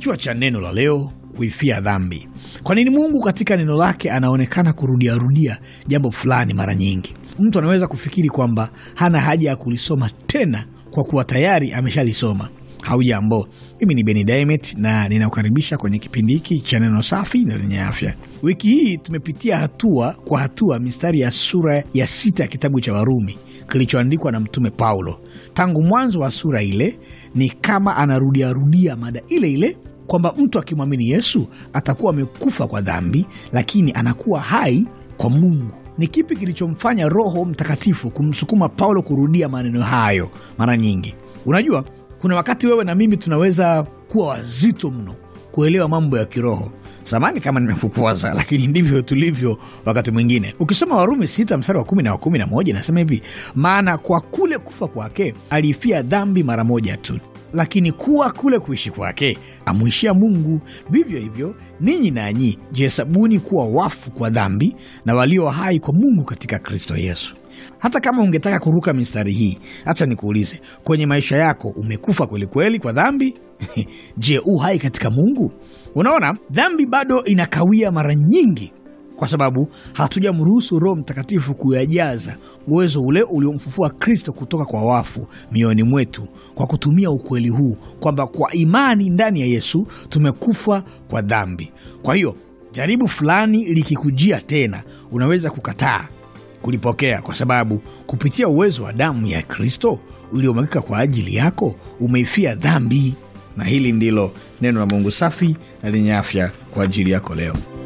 Kichwa cha neno la leo kuifia dhambi. Kwa nini Mungu katika neno lake anaonekana kurudiarudia jambo fulani mara nyingi? Mtu anaweza kufikiri kwamba hana haja ya kulisoma tena kwa kuwa tayari ameshalisoma. Haujambo, mimi ni Beni Dimet na ninakukaribisha kwenye kipindi hiki cha neno safi na lenye afya. Wiki hii tumepitia hatua kwa hatua mistari ya sura ya sita ya kitabu cha Warumi kilichoandikwa na Mtume Paulo. Tangu mwanzo wa sura ile, ni kama anarudiarudia mada ile ile kwamba mtu akimwamini Yesu atakuwa amekufa kwa dhambi, lakini anakuwa hai kwa Mungu. Ni kipi kilichomfanya Roho Mtakatifu kumsukuma Paulo kurudia maneno hayo mara nyingi? Unajua, kuna wakati wewe na mimi tunaweza kuwa wazito mno kuelewa mambo ya kiroho. zamani kama nimekukuwaza, lakini ndivyo tulivyo wakati mwingine. Ukisoma Warumi sita mstari wa kumi na wa kumi na moja inasema hivi, maana kwa kule kufa kwake aliifia dhambi mara moja tu, lakini kuwa kule kuishi kwake amwishia Mungu. Vivyo hivyo ninyi nanyi jihesabuni kuwa wafu kwa dhambi na walio hai kwa Mungu katika Kristo Yesu. Hata kama ungetaka kuruka mistari hii, hacha nikuulize, kwenye maisha yako umekufa kwelikweli kwa dhambi? Je, u hai katika Mungu? Unaona, dhambi bado inakawia mara nyingi kwa sababu hatujamruhusu Roho Mtakatifu kuyajaza uwezo ule uliomfufua Kristo kutoka kwa wafu mioyoni mwetu, kwa kutumia ukweli huu kwamba kwa imani ndani ya Yesu tumekufa kwa dhambi. Kwa hiyo jaribu fulani likikujia tena, unaweza kukataa kulipokea kwa sababu kupitia uwezo wa damu ya Kristo uliomwagika kwa ajili yako umeifia dhambi. Na hili ndilo neno la Mungu safi na lenye afya kwa ajili yako leo.